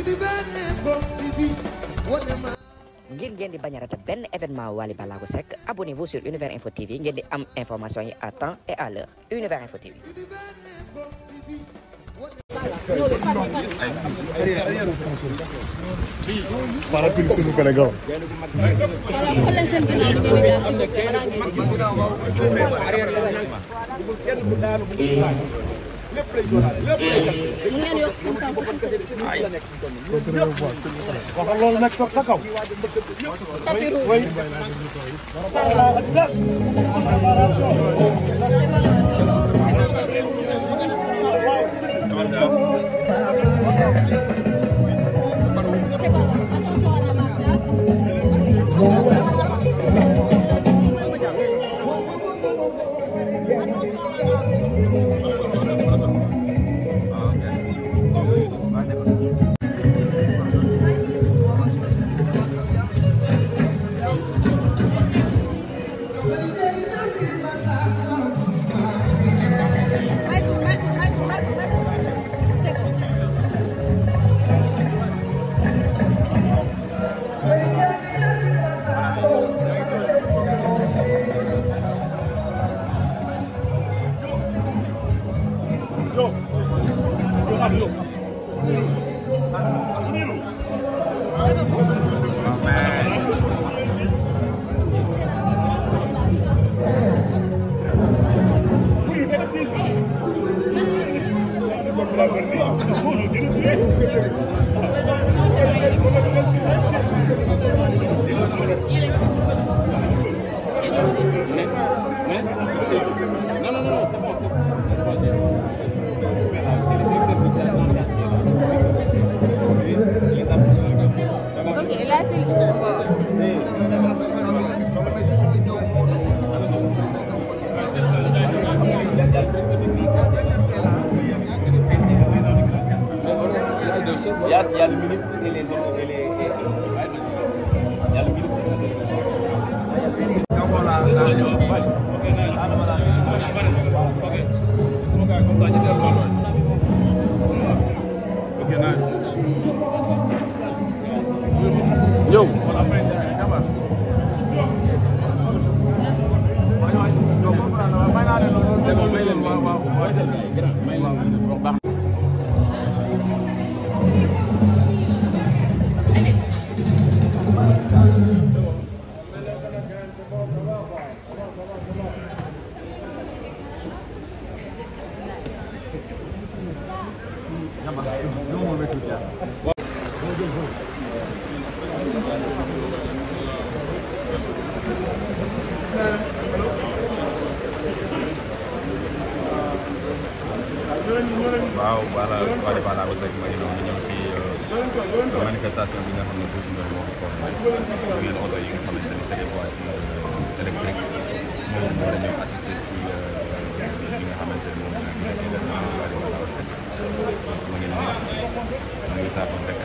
ngir ngeen di bañ a rata benn sur Univers Info TV ngeen di am information yi à temps et à l'heure Univers Info TV. lépp lay sóoraale lépp lay wax loolu nag toog sa kaw. tapis rouge. Non, non, non, c'est bon, c'est bon. Ok, là c'est le... Il y, a, il y a le ministre et les, et les... yow waaw voilà waa départ laa ko sekk ma ngi noonu ñëw ci manifestation bi nga xam ne Bouche Ndoye moo ko coordonné gis ngeen oto yi nga xamante ni c'est des voitures électriques moom moo la ñëw assisté ci li nga ni moom la ñu def événement waa départ laa ko sekk ma ngi noonu ma ngi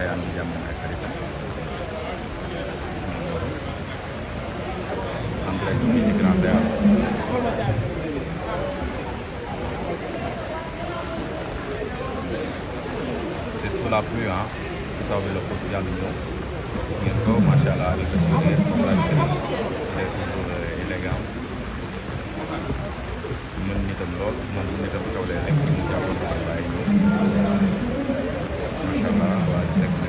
la pluie ah bu tawee la foofu jàll ñëw gis ngeen ko macha allah le gestionnaire est toujours élégant mën nitam lool man bu nitam tawlee rek ñu jàppoon waaye ñëw macha allah waa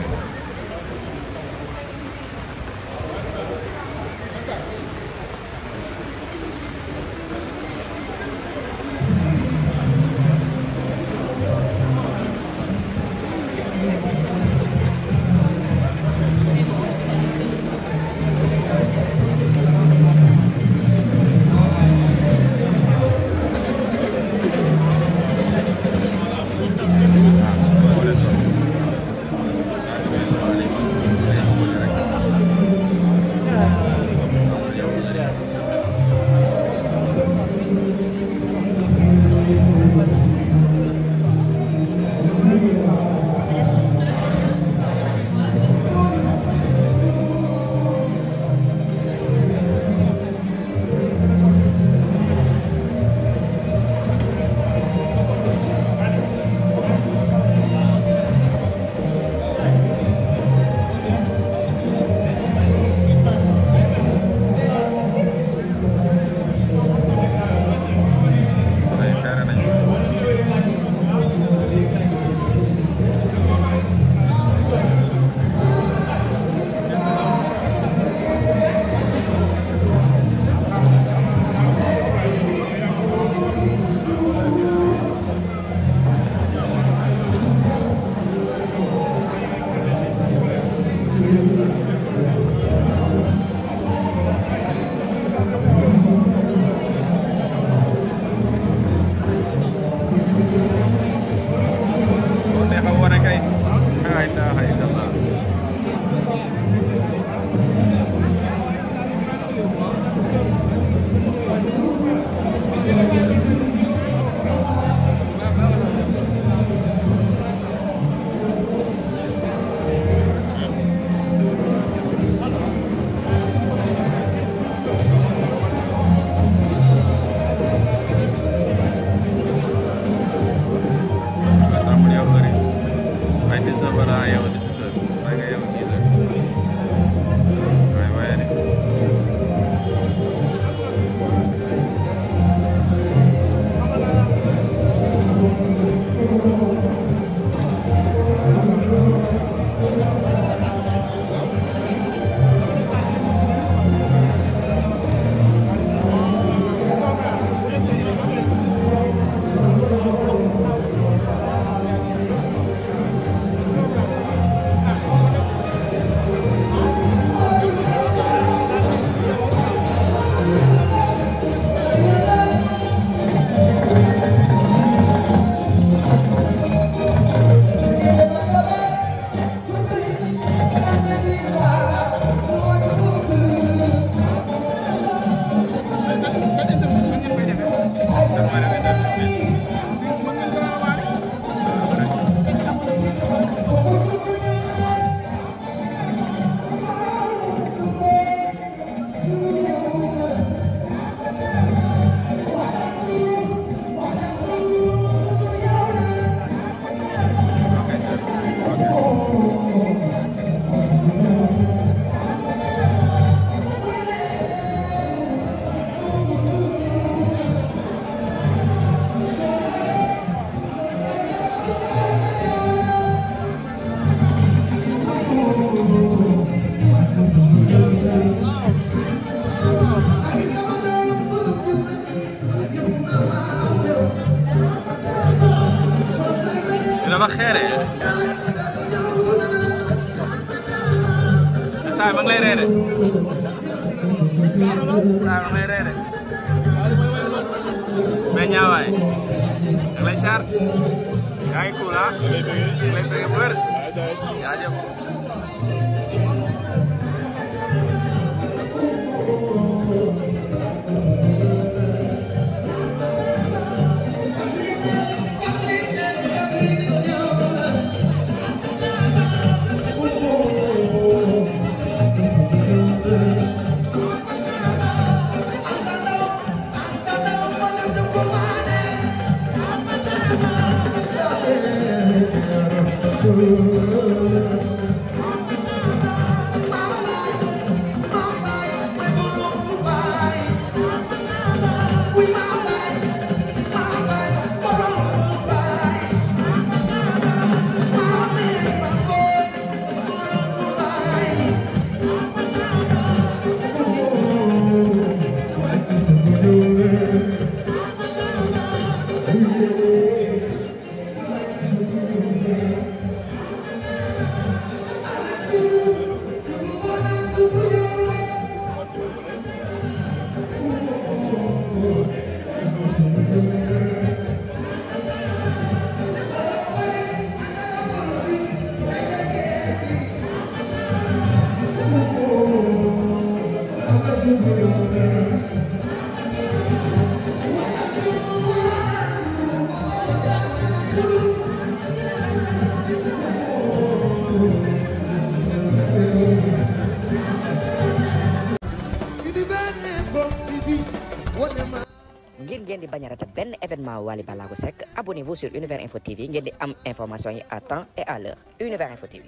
reere saay ma ngi lay reere saay ma ngi lay reere mais ñaawaay da lay char yaa ngi kuul ah da lay bëgg bu wér jaajëf ngeen di bañ a benn événement Wally Ballago Seck abonnez-vous sur Univers Info TV ngeen di am information yi à temps et à l'heure Univers Info TV